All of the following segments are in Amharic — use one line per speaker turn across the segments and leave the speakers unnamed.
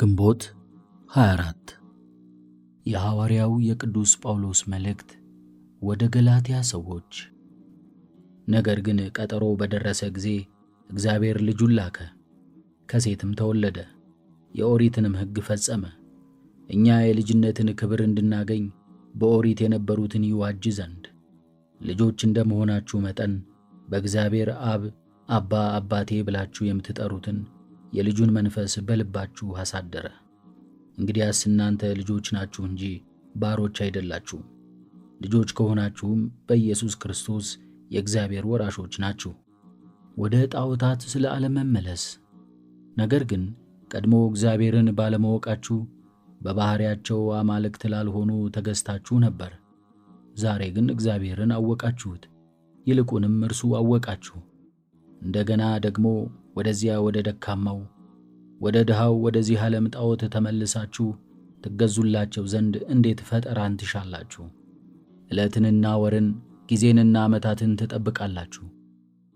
ግንቦት 24 የሐዋርያው የቅዱስ ጳውሎስ መልእክት ወደ ገላትያ ሰዎች። ነገር ግን ቀጠሮ በደረሰ ጊዜ እግዚአብሔር ልጁን ላከ፣ ከሴትም ተወለደ፣ የኦሪትንም ሕግ ፈጸመ፣ እኛ የልጅነትን ክብር እንድናገኝ በኦሪት የነበሩትን ይዋጅ ዘንድ። ልጆች እንደመሆናችሁ መጠን በእግዚአብሔር አብ አባ አባቴ ብላችሁ የምትጠሩትን የልጁን መንፈስ በልባችሁ አሳደረ። እንግዲያስ እናንተ ልጆች ናችሁ እንጂ ባሮች አይደላችሁም። ልጆች ከሆናችሁም በኢየሱስ ክርስቶስ የእግዚአብሔር ወራሾች ናችሁ፣ ወደ ጣዖታት ስለ አለመመለስ። ነገር ግን ቀድሞ እግዚአብሔርን ባለማወቃችሁ በባሕርያቸው አማልክት ላልሆኑ ተገዝታችሁ ነበር። ዛሬ ግን እግዚአብሔርን አወቃችሁት፣ ይልቁንም እርሱ አወቃችሁ። እንደገና ደግሞ ወደዚያ ወደ ደካማው ወደ ድሃው ወደዚህ ዓለም ጣዖት ተመልሳችሁ ትገዙላቸው ዘንድ እንዴት ፈጠራን ትሻላችሁ? ዕለትንና ወርን ጊዜንና ዓመታትን ትጠብቃላችሁ።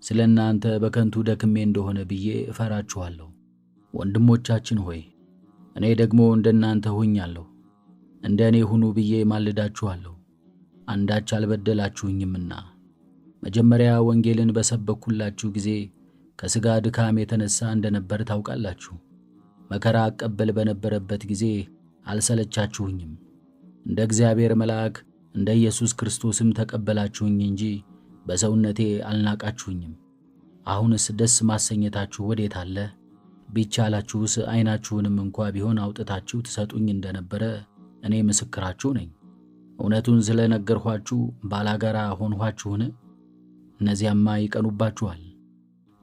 ስለ እናንተ በከንቱ ደክሜ እንደሆነ ብዬ እፈራችኋለሁ። ወንድሞቻችን ሆይ እኔ ደግሞ እንደ እናንተ ሆኛለሁ። እንደ እኔ ሁኑ ብዬ ማልዳችኋለሁ። አንዳች አልበደላችሁኝምና መጀመሪያ ወንጌልን በሰበኩላችሁ ጊዜ ከሥጋ ድካም የተነሣ እንደነበር ታውቃላችሁ። መከራ አቀበል በነበረበት ጊዜ አልሰለቻችሁኝም። እንደ እግዚአብሔር መልአክ እንደ ኢየሱስ ክርስቶስም ተቀበላችሁኝ እንጂ በሰውነቴ አልናቃችሁኝም። አሁንስ ደስ ማሰኘታችሁ ወዴት አለ? ቢቻላችሁስ አይናችሁንም እንኳ ቢሆን አውጥታችሁ ትሰጡኝ እንደነበረ እኔ ምስክራችሁ ነኝ። እውነቱን ነገርኋችሁ ባላጋራ ሆንኋችሁን? እነዚያማ ይቀኑባችኋል።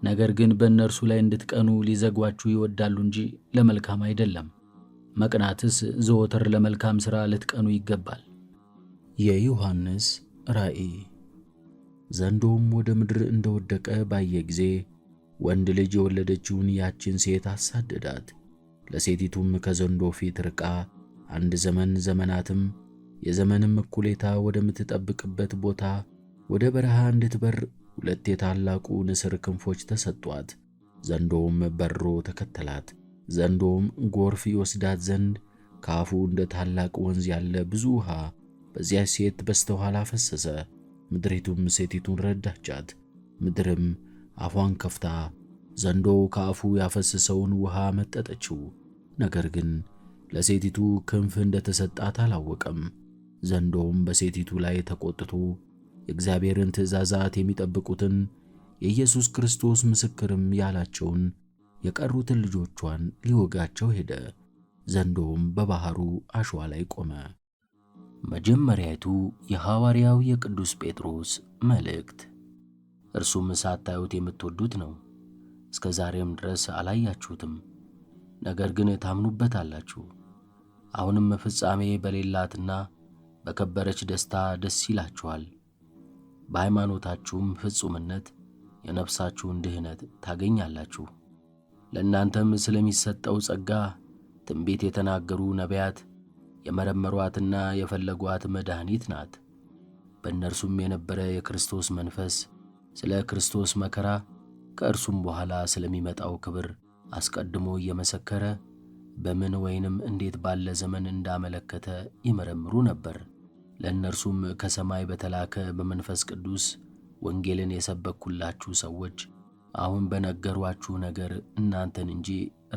ነገር ግን በእነርሱ ላይ እንድትቀኑ ሊዘጓችሁ ይወዳሉ እንጂ ለመልካም አይደለም። መቅናትስ ዘወትር ለመልካም ሥራ ልትቀኑ ይገባል። የዮሐንስ ራእይ። ዘንዶውም ወደ ምድር እንደወደቀ ባየ ጊዜ ወንድ ልጅ የወለደችውን ያችን ሴት አሳደዳት። ለሴቲቱም ከዘንዶ ፊት ርቃ አንድ ዘመን ዘመናትም የዘመንም እኩሌታ ወደምትጠብቅበት ቦታ ወደ በረሃ እንድትበር ሁለት የታላቁ ንስር ክንፎች ተሰጧት። ዘንዶውም በሮ ተከተላት። ዘንዶውም ጎርፍ ይወስዳት ዘንድ ከአፉ እንደ ታላቅ ወንዝ ያለ ብዙ ውሃ በዚያች ሴት በስተኋላ ፈሰሰ። ምድሪቱም ሴቲቱን ረዳቻት። ምድርም አፏን ከፍታ ዘንዶው ከአፉ ያፈሰሰውን ውሃ መጠጠችው። ነገር ግን ለሴቲቱ ክንፍ እንደተሰጣት አላወቀም። ዘንዶውም በሴቲቱ ላይ ተቆጥቶ የእግዚአብሔርን ትእዛዛት የሚጠብቁትን የኢየሱስ ክርስቶስ ምስክርም ያላቸውን የቀሩትን ልጆቿን ሊወጋቸው ሄደ። ዘንዶውም በባሕሩ አሸዋ ላይ ቆመ። መጀመሪያቱ የሐዋርያው የቅዱስ ጴጥሮስ መልእክት። እርሱም ሳታዩት የምትወዱት ነው፣ እስከ ዛሬም ድረስ አላያችሁትም፣ ነገር ግን ታምኑበታላችሁ። አሁንም ፍጻሜ በሌላትና በከበረች ደስታ ደስ ይላችኋል። በሃይማኖታችሁም ፍጹምነት የነፍሳችሁን ድህነት ታገኛላችሁ። ለእናንተም ስለሚሰጠው ጸጋ ትንቢት የተናገሩ ነቢያት የመረመሯትና የፈለጓት መድኃኒት ናት። በእነርሱም የነበረ የክርስቶስ መንፈስ ስለ ክርስቶስ መከራ ከእርሱም በኋላ ስለሚመጣው ክብር አስቀድሞ እየመሰከረ በምን ወይንም እንዴት ባለ ዘመን እንዳመለከተ ይመረምሩ ነበር። ለእነርሱም ከሰማይ በተላከ በመንፈስ ቅዱስ ወንጌልን የሰበኩላችሁ ሰዎች አሁን በነገሯችሁ ነገር እናንተን እንጂ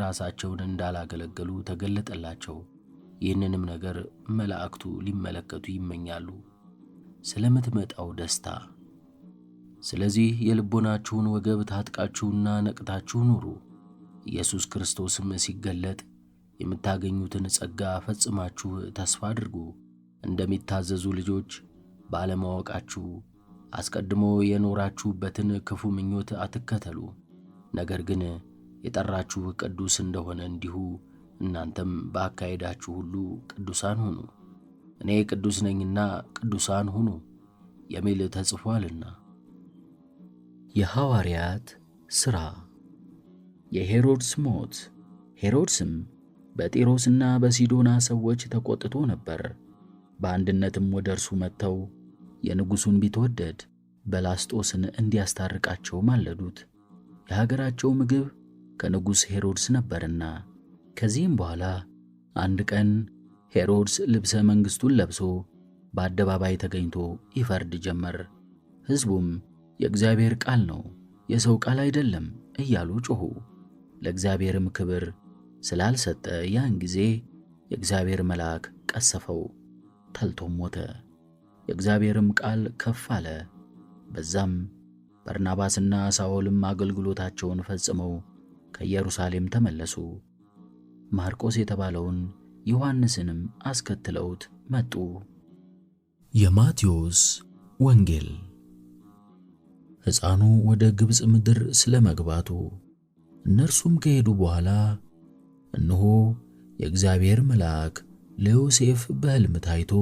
ራሳቸውን እንዳላገለገሉ ተገለጠላቸው። ይህንንም ነገር መላእክቱ ሊመለከቱ ይመኛሉ፣ ስለምትመጣው ደስታ። ስለዚህ የልቦናችሁን ወገብ ታጥቃችሁና ነቅታችሁ ኑሩ። ኢየሱስ ክርስቶስም ሲገለጥ የምታገኙትን ጸጋ ፈጽማችሁ ተስፋ አድርጉ። እንደሚታዘዙ ልጆች ባለማወቃችሁ አስቀድሞ የኖራችሁበትን ክፉ ምኞት አትከተሉ። ነገር ግን የጠራችሁ ቅዱስ እንደሆነ እንዲሁ እናንተም በአካሄዳችሁ ሁሉ ቅዱሳን ሁኑ፣ እኔ ቅዱስ ነኝና ቅዱሳን ሁኑ የሚል ተጽፏልና። የሐዋርያት ሥራ የሄሮድስ ሞት። ሄሮድስም በጢሮስና በሲዶና ሰዎች ተቆጥቶ ነበር። በአንድነትም ወደ እርሱ መጥተው የንጉሡን ቢትወደድ በላስጦስን እንዲያስታርቃቸው ማለዱት። የሀገራቸው ምግብ ከንጉሥ ሄሮድስ ነበርና። ከዚህም በኋላ አንድ ቀን ሄሮድስ ልብሰ መንግሥቱን ለብሶ በአደባባይ ተገኝቶ ይፈርድ ጀመር። ሕዝቡም የእግዚአብሔር ቃል ነው፣ የሰው ቃል አይደለም እያሉ ጮኹ። ለእግዚአብሔርም ክብር ስላልሰጠ ያን ጊዜ የእግዚአብሔር መልአክ ቀሰፈው። ተልቶም ሞተ። የእግዚአብሔርም ቃል ከፍ አለ። በዛም በርናባስና ሳውልም አገልግሎታቸውን ፈጽመው ከኢየሩሳሌም ተመለሱ። ማርቆስ የተባለውን ዮሐንስንም አስከትለውት መጡ። የማቴዎስ ወንጌል ሕፃኑ ወደ ግብፅ ምድር ስለ መግባቱ። እነርሱም ከሄዱ በኋላ እነሆ የእግዚአብሔር መልአክ ለዮሴፍ በሕልም ታይቶ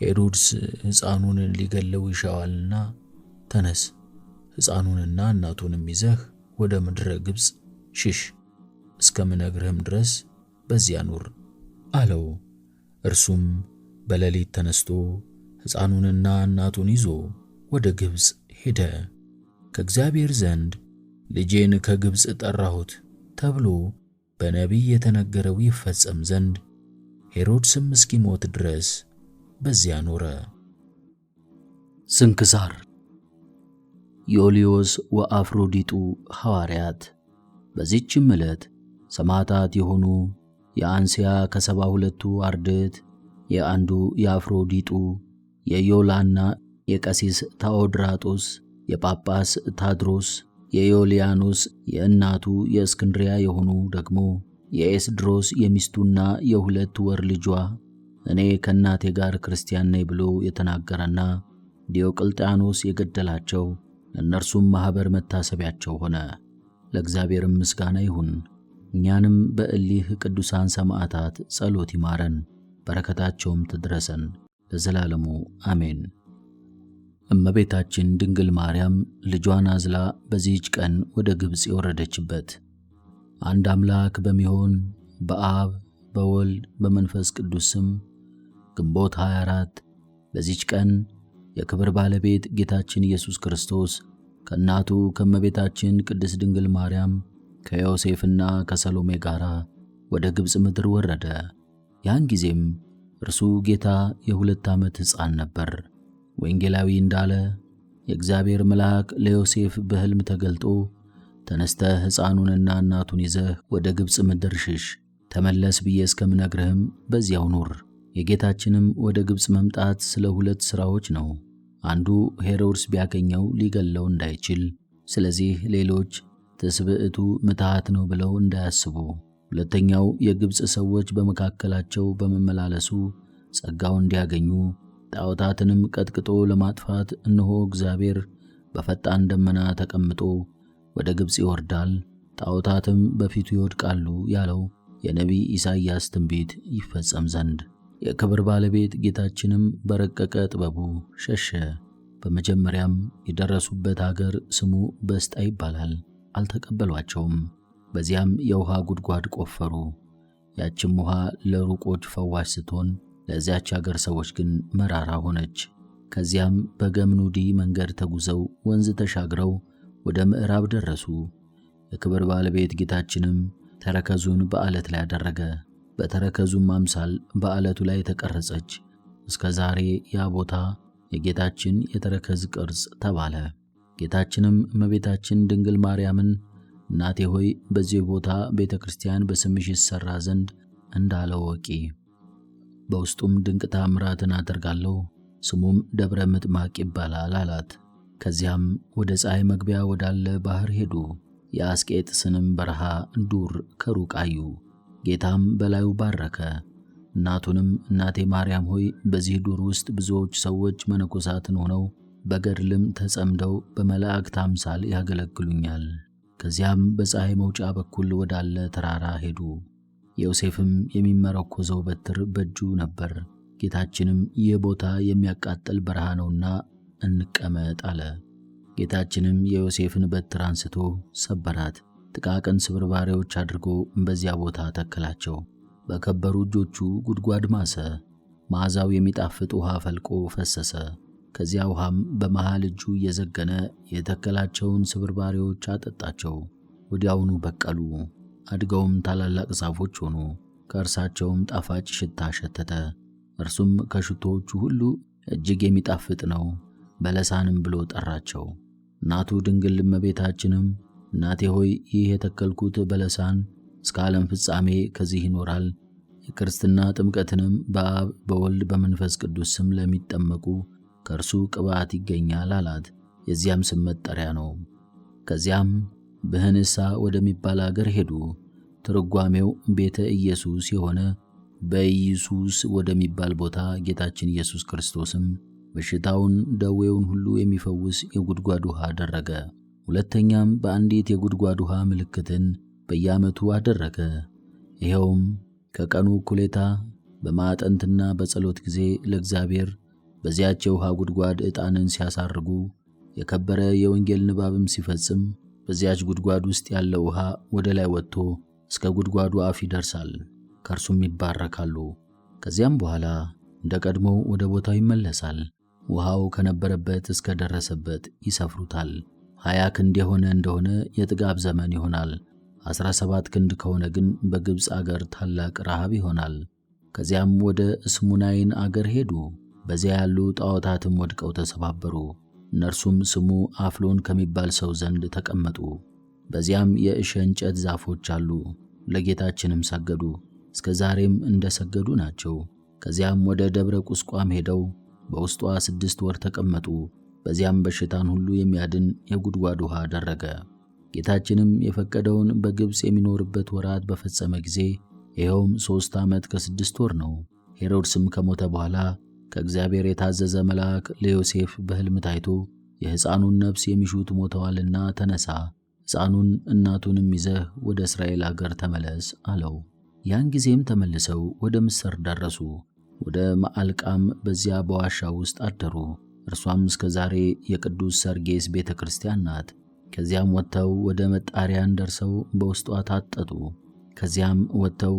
ሄሮድስ ሕፃኑን ሊገለው ይሻዋልና ተነስ፣ ሕፃኑንና እናቱንም ይዘህ ወደ ምድረ ግብፅ ሽሽ፣ እስከምነግርህም ድረስ በዚያ ኑር አለው። እርሱም በሌሊት ተነስቶ ሕፃኑንና እናቱን ይዞ ወደ ግብፅ ሄደ። ከእግዚአብሔር ዘንድ ልጄን ከግብፅ ጠራሁት ተብሎ በነቢይ የተነገረው ይፈጸም ዘንድ ሄሮድስም እስኪሞት ድረስ በዚያ ኖረ። ስንክሳር ዮልዮስ ወአፍሮዲጡ ሐዋርያት። በዚችም ዕለት ሰማዕታት የሆኑ የአንስያ ከሰባ ሁለቱ አርድት የአንዱ የአፍሮዲጡ የዮላና የቀሲስ ታኦድራጦስ የጳጳስ ታድሮስ የዮልያኖስ የእናቱ የእስክንድሪያ የሆኑ ደግሞ የኤስድሮስ የሚስቱና የሁለት ወር ልጇ እኔ ከእናቴ ጋር ክርስቲያን ነኝ ብሎ የተናገረና ዲዮቅልጥያኖስ የገደላቸው እነርሱም ማኅበር መታሰቢያቸው ሆነ። ለእግዚአብሔርም ምስጋና ይሁን። እኛንም በእሊህ ቅዱሳን ሰማዕታት ጸሎት ይማረን፣ በረከታቸውም ትድረሰን ለዘላለሙ አሜን። እመቤታችን ድንግል ማርያም ልጇን አዝላ በዚህች ቀን ወደ ግብፅ የወረደችበት አንድ አምላክ በሚሆን በአብ በወልድ በመንፈስ ቅዱስ ስም ግንቦት 24 በዚች ቀን የክብር ባለቤት ጌታችን ኢየሱስ ክርስቶስ ከእናቱ ከመቤታችን ቅድስት ድንግል ማርያም ከዮሴፍና ከሰሎሜ ጋር ወደ ግብፅ ምድር ወረደ። ያን ጊዜም እርሱ ጌታ የሁለት ዓመት ሕፃን ነበር። ወንጌላዊ እንዳለ የእግዚአብሔር መልአክ ለዮሴፍ በሕልም ተገልጦ ተነስተህ ሕፃኑንና እናቱን ይዘህ ወደ ግብፅ ምድር ሽሽ፣ ተመለስ ብዬ እስከምነግርህም በዚያው ኑር። የጌታችንም ወደ ግብፅ መምጣት ስለ ሁለት ሥራዎች ነው። አንዱ ሄሮድስ ቢያገኘው ሊገለው እንዳይችል፣ ስለዚህ ሌሎች ትስብዕቱ ምትሃት ነው ብለው እንዳያስቡ። ሁለተኛው የግብፅ ሰዎች በመካከላቸው በመመላለሱ ጸጋው እንዲያገኙ ጣዖታትንም ቀጥቅጦ ለማጥፋት እነሆ እግዚአብሔር በፈጣን ደመና ተቀምጦ ወደ ግብፅ ይወርዳል፣ ጣዖታትም በፊቱ ይወድቃሉ ያለው የነቢይ ኢሳይያስ ትንቢት ይፈጸም ዘንድ የክብር ባለቤት ጌታችንም በረቀቀ ጥበቡ ሸሸ። በመጀመሪያም የደረሱበት አገር ስሙ በስጣ ይባላል። አልተቀበሏቸውም። በዚያም የውሃ ጉድጓድ ቆፈሩ። ያችም ውሃ ለሩቆች ፈዋሽ ስትሆን ለዚያች አገር ሰዎች ግን መራራ ሆነች። ከዚያም በገምኑዲ መንገድ ተጉዘው ወንዝ ተሻግረው ወደ ምዕራብ ደረሱ። የክብር ባለቤት ጌታችንም ተረከዙን በዓለት ላይ አደረገ። በተረከዙም አምሳል በዓለቱ ላይ ተቀረጸች። እስከ ዛሬ ያ ቦታ የጌታችን የተረከዝ ቅርጽ ተባለ። ጌታችንም እመቤታችን ድንግል ማርያምን እናቴ ሆይ በዚህ ቦታ ቤተ ክርስቲያን በስምሽ ይሠራ ዘንድ እንዳለው ወቂ በውስጡም ድንቅ ታምራትን አደርጋለሁ፣ ስሙም ደብረ ምጥማቅ ይባላል አላት። ከዚያም ወደ ፀሐይ መግቢያ ወዳለ ባሕር ሄዱ። የአስቄጥስንም በረሃ ዱር ከሩቅ አዩ። ጌታም በላዩ ባረከ። እናቱንም እናቴ ማርያም ሆይ በዚህ ዱር ውስጥ ብዙዎች ሰዎች መነኮሳትን ሆነው በገድልም ተጸምደው በመላእክት አምሳል ያገለግሉኛል። ከዚያም በፀሐይ መውጫ በኩል ወዳለ ተራራ ሄዱ። ዮሴፍም የሚመረኮዘው በትር በእጁ ነበር። ጌታችንም ይህ ቦታ የሚያቃጠል በረሃ ነውና እንቀመጥ አለ። ጌታችንም የዮሴፍን በትር አንስቶ ሰበራት፣ ጥቃቅን ስብርባሪዎች አድርጎ በዚያ ቦታ ተከላቸው። በከበሩ እጆቹ ጉድጓድ ማሰ። መዓዛው የሚጣፍጥ ውሃ ፈልቆ ፈሰሰ። ከዚያ ውሃም በመሃል እጁ እየዘገነ የተከላቸውን ስብርባሪዎች አጠጣቸው። ወዲያውኑ በቀሉ፣ አድገውም ታላላቅ ዛፎች ሆኑ። ከእርሳቸውም ጣፋጭ ሽታ ሸተተ። እርሱም ከሽቶዎቹ ሁሉ እጅግ የሚጣፍጥ ነው። በለሳንም ብሎ ጠራቸው። እናቱ ድንግል እመቤታችንም እናቴ ሆይ ይህ የተከልኩት በለሳን እስከ ዓለም ፍጻሜ ከዚህ ይኖራል። የክርስትና ጥምቀትንም በአብ በወልድ በመንፈስ ቅዱስ ስም ለሚጠመቁ ከእርሱ ቅባት ይገኛል አላት። የዚያም ስም መጠሪያ ነው። ከዚያም ብህንሳ ወደሚባል አገር ሄዱ። ትርጓሜው ቤተ ኢየሱስ የሆነ በኢየሱስ ወደሚባል ቦታ ጌታችን ኢየሱስ ክርስቶስም በሽታውን ደዌውን ሁሉ የሚፈውስ የጉድጓድ ውሃ አደረገ። ሁለተኛም በአንዲት የጉድጓድ ውሃ ምልክትን በየዓመቱ አደረገ። ይኸውም ከቀኑ እኩሌታ በማዕጠንትና በጸሎት ጊዜ ለእግዚአብሔር በዚያች የውሃ ጉድጓድ ዕጣንን ሲያሳርጉ የከበረ የወንጌል ንባብም ሲፈጽም በዚያች ጉድጓድ ውስጥ ያለ ውሃ ወደ ላይ ወጥቶ እስከ ጉድጓዱ አፍ ይደርሳል፣ ከእርሱም ይባረካሉ። ከዚያም በኋላ እንደ ቀድሞው ወደ ቦታው ይመለሳል። ውሃው ከነበረበት እስከ ደረሰበት ይሰፍሩታል። ሀያ ክንድ የሆነ እንደሆነ የጥጋብ ዘመን ይሆናል። አስራ ሰባት ክንድ ከሆነ ግን በግብፅ አገር ታላቅ ረሃብ ይሆናል። ከዚያም ወደ እስሙናይን አገር ሄዱ። በዚያ ያሉ ጣዖታትም ወድቀው ተሰባበሩ። እነርሱም ስሙ አፍሎን ከሚባል ሰው ዘንድ ተቀመጡ። በዚያም የእሸ እንጨት ዛፎች አሉ። ለጌታችንም ሰገዱ፣ እስከ ዛሬም እንደ ሰገዱ ናቸው። ከዚያም ወደ ደብረ ቁስቋም ሄደው በውስጧ ስድስት ወር ተቀመጡ። በዚያም በሽታን ሁሉ የሚያድን የጉድጓድ ውሃ አደረገ። ጌታችንም የፈቀደውን በግብፅ የሚኖርበት ወራት በፈጸመ ጊዜ ይኸውም ሦስት ዓመት ከስድስት ወር ነው። ሄሮድስም ከሞተ በኋላ ከእግዚአብሔር የታዘዘ መልአክ ለዮሴፍ በሕልም ታይቶ የሕፃኑን ነፍስ የሚሹት ሞተዋልና ተነሳ፣ ሕፃኑን እናቱንም ይዘህ ወደ እስራኤል አገር ተመለስ አለው። ያን ጊዜም ተመልሰው ወደ ምሥር ደረሱ። ወደ መዓልቃም በዚያ በዋሻ ውስጥ አደሩ። እርሷም እስከ ዛሬ የቅዱስ ሰርጌስ ቤተ ክርስቲያን ናት። ከዚያም ወጥተው ወደ መጣሪያን ደርሰው በውስጧ ታጠጡ። ከዚያም ወጥተው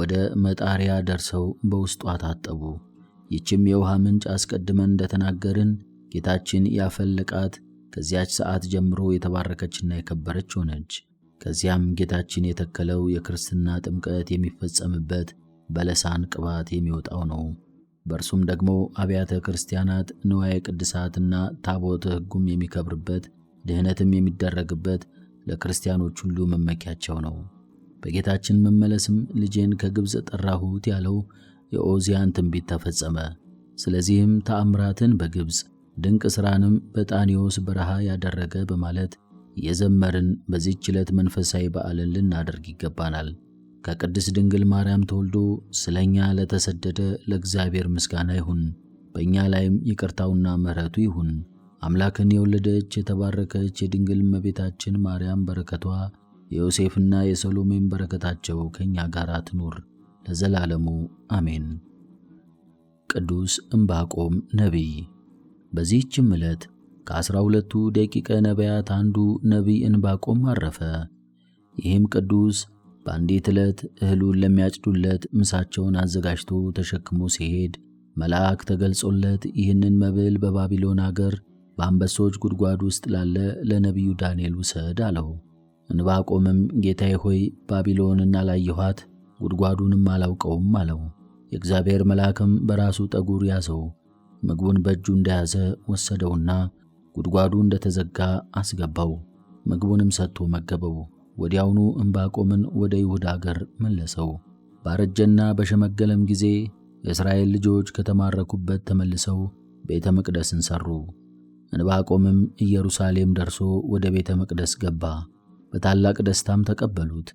ወደ መጣሪያ ደርሰው በውስጧ ታጠቡ። ይችም የውሃ ምንጭ አስቀድመን እንደተናገርን ጌታችን ያፈለቃት ከዚያች ሰዓት ጀምሮ የተባረከችና የከበረች ሆነች። ከዚያም ጌታችን የተከለው የክርስትና ጥምቀት የሚፈጸምበት በለሳን ቅባት የሚወጣው ነው። በእርሱም ደግሞ አብያተ ክርስቲያናት ንዋየ ቅድሳትና ታቦተ ሕጉም የሚከብርበት ድህነትም የሚደረግበት ለክርስቲያኖች ሁሉ መመኪያቸው ነው። በጌታችን መመለስም ልጄን ከግብፅ ጠራሁት ያለው የኦዚያን ትንቢት ተፈጸመ። ስለዚህም ተአምራትን በግብፅ ድንቅ ሥራንም በጣኔዎስ በረሃ ያደረገ በማለት የዘመርን በዚህች ዕለት መንፈሳዊ በዓልን ልናደርግ ይገባናል። ከቅድስት ድንግል ማርያም ተወልዶ ስለኛ ለተሰደደ ለእግዚአብሔር ምስጋና ይሁን። በእኛ ላይም ይቅርታውና ምሕረቱ ይሁን። አምላክን የወለደች የተባረከች የድንግል እመቤታችን ማርያም በረከቷ የዮሴፍና የሰሎሜን በረከታቸው ከእኛ ጋር ትኑር ለዘላለሙ አሜን። ቅዱስ እምባቆም ነቢይ። በዚህችም ዕለት ከዐሥራ ሁለቱ ደቂቀ ነቢያት አንዱ ነቢይ እንባቆም አረፈ። ይህም ቅዱስ በአንዲት ዕለት እህሉን ለሚያጭዱለት ምሳቸውን አዘጋጅቶ ተሸክሞ ሲሄድ መልአክ ተገልጾለት ይህንን መብል በባቢሎን አገር በአንበሶች ጉድጓድ ውስጥ ላለ ለነቢዩ ዳንኤል ውሰድ አለው። እንባቆምም ጌታዬ ሆይ ባቢሎንን አላየኋት፣ ጉድጓዱንም አላውቀውም አለው። የእግዚአብሔር መልአክም በራሱ ጠጉር ያዘው፣ ምግቡን በእጁ እንደያዘ ወሰደውና ጉድጓዱ እንደተዘጋ አስገባው። ምግቡንም ሰጥቶ መገበው። ወዲያውኑ እንባቆምን ወደ ይሁዳ አገር መለሰው። ባረጀና በሸመገለም ጊዜ የእስራኤል ልጆች ከተማረኩበት ተመልሰው ቤተ መቅደስን ሠሩ። እንባቆምም ኢየሩሳሌም ደርሶ ወደ ቤተ መቅደስ ገባ። በታላቅ ደስታም ተቀበሉት።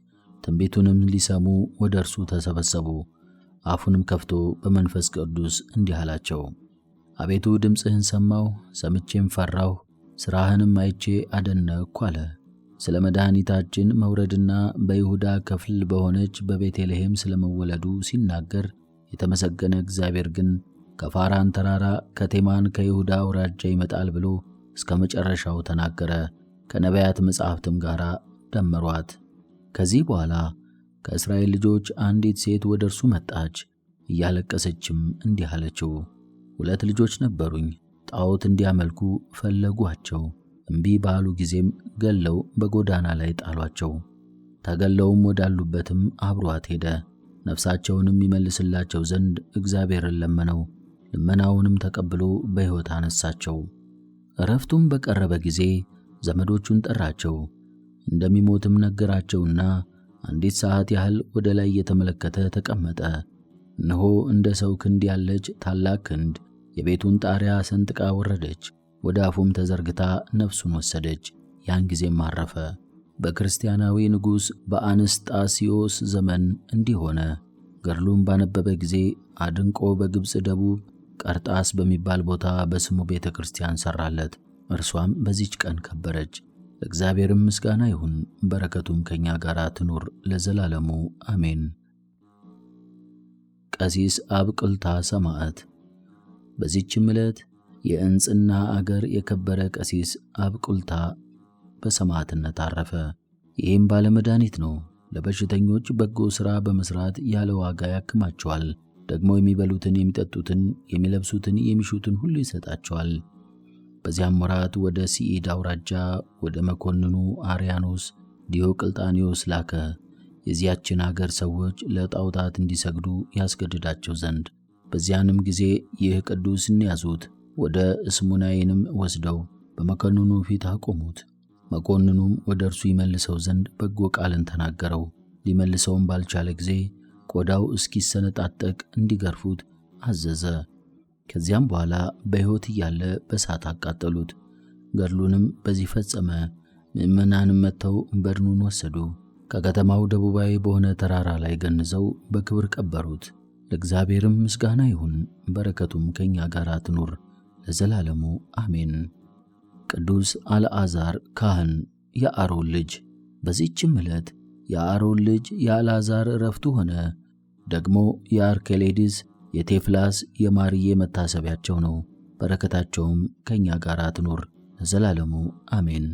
ትንቢቱንም ሊሰሙ ወደ እርሱ ተሰበሰቡ። አፉንም ከፍቶ በመንፈስ ቅዱስ እንዲህ አላቸው፣ አቤቱ ድምፅህን ሰማሁ፣ ሰምቼም ፈራሁ፣ ሥራህንም አይቼ አደነቅሁ አለ። ስለ መድኃኒታችን መውረድና በይሁዳ ክፍል በሆነች በቤተልሔም ስለመወለዱ ሲናገር የተመሰገነ እግዚአብሔር ግን ከፋራን ተራራ ከቴማን ከይሁዳ አውራጃ ይመጣል ብሎ እስከ መጨረሻው ተናገረ። ከነቢያት መጻሕፍትም ጋር ደመሯት። ከዚህ በኋላ ከእስራኤል ልጆች አንዲት ሴት ወደ እርሱ መጣች፣ እያለቀሰችም እንዲህ አለችው፦ ሁለት ልጆች ነበሩኝ፣ ጣዖት እንዲያመልኩ ፈለጓቸው። እምቢ ባሉ ጊዜም ገለው በጎዳና ላይ ጣሏቸው። ተገለውም ወዳሉበትም አብሯት ሄደ። ነፍሳቸውንም ይመልስላቸው ዘንድ እግዚአብሔርን ለመነው። ልመናውንም ተቀብሎ በሕይወት አነሳቸው። እረፍቱም በቀረበ ጊዜ ዘመዶቹን ጠራቸው፣ እንደሚሞትም ነገራቸውና አንዲት ሰዓት ያህል ወደ ላይ እየተመለከተ ተቀመጠ። እነሆ እንደ ሰው ክንድ ያለች ታላቅ ክንድ የቤቱን ጣሪያ ሰንጥቃ ወረደች። ወደ አፉም ተዘርግታ ነፍሱን ወሰደች። ያን ጊዜም አረፈ። በክርስቲያናዊ ንጉሥ በአንስጣስዮስ ዘመን እንዲህ ሆነ። ገድሉም ባነበበ ጊዜ አድንቆ በግብፅ ደቡብ ቀርጣስ በሚባል ቦታ በስሙ ቤተ ክርስቲያን ሠራለት። እርሷም በዚች ቀን ከበረች። እግዚአብሔርም ምስጋና ይሁን፣ በረከቱም ከእኛ ጋር ትኑር ለዘላለሙ አሜን። ቀሲስ አብቅልታ ሰማዕት። በዚችም ዕለት የእንጽና አገር የከበረ ቀሲስ አብቁልታ በሰማዕትነት አረፈ። ይህም ባለመድኃኒት ነው። ለበሽተኞች በጎ ሥራ በመሥራት ያለ ዋጋ ያክማቸዋል። ደግሞ የሚበሉትን፣ የሚጠጡትን፣ የሚለብሱትን፣ የሚሹትን ሁሉ ይሰጣቸዋል። በዚያም ወራት ወደ ሲኢድ አውራጃ ወደ መኮንኑ አርያኖስ ዲዮቅልጣኔዎስ ላከ የዚያችን አገር ሰዎች ለጣዖታት እንዲሰግዱ ያስገድዳቸው ዘንድ። በዚያንም ጊዜ ይህ ቅዱስን ያዙት። ወደ እስሙናይንም ወስደው በመኮንኑ ፊት አቆሙት። መኮንኑም ወደ እርሱ ይመልሰው ዘንድ በጎ ቃልን ተናገረው። ሊመልሰውም ባልቻለ ጊዜ ቆዳው እስኪሰነጣጠቅ እንዲገርፉት አዘዘ። ከዚያም በኋላ በሕይወት እያለ በእሳት አቃጠሉት። ገድሉንም በዚህ ፈጸመ። ምዕመናንም መጥተው በድኑን ወሰዱ። ከከተማው ደቡባዊ በሆነ ተራራ ላይ ገንዘው በክብር ቀበሩት። ለእግዚአብሔርም ምስጋና ይሁን፣ በረከቱም ከእኛ ጋር ትኑር ለዘላለሙ አሜን። ቅዱስ አልዓዛር ካህን የአሮን ልጅ። በዚህችም ዕለት የአሮን ልጅ የአልዓዛር ዕረፍቱ ሆነ። ደግሞ የአርኬሌዲስ የቴፍላስ የማርዬ መታሰቢያቸው ነው። በረከታቸውም ከእኛ ጋር ትኑር ለዘላለሙ አሜን።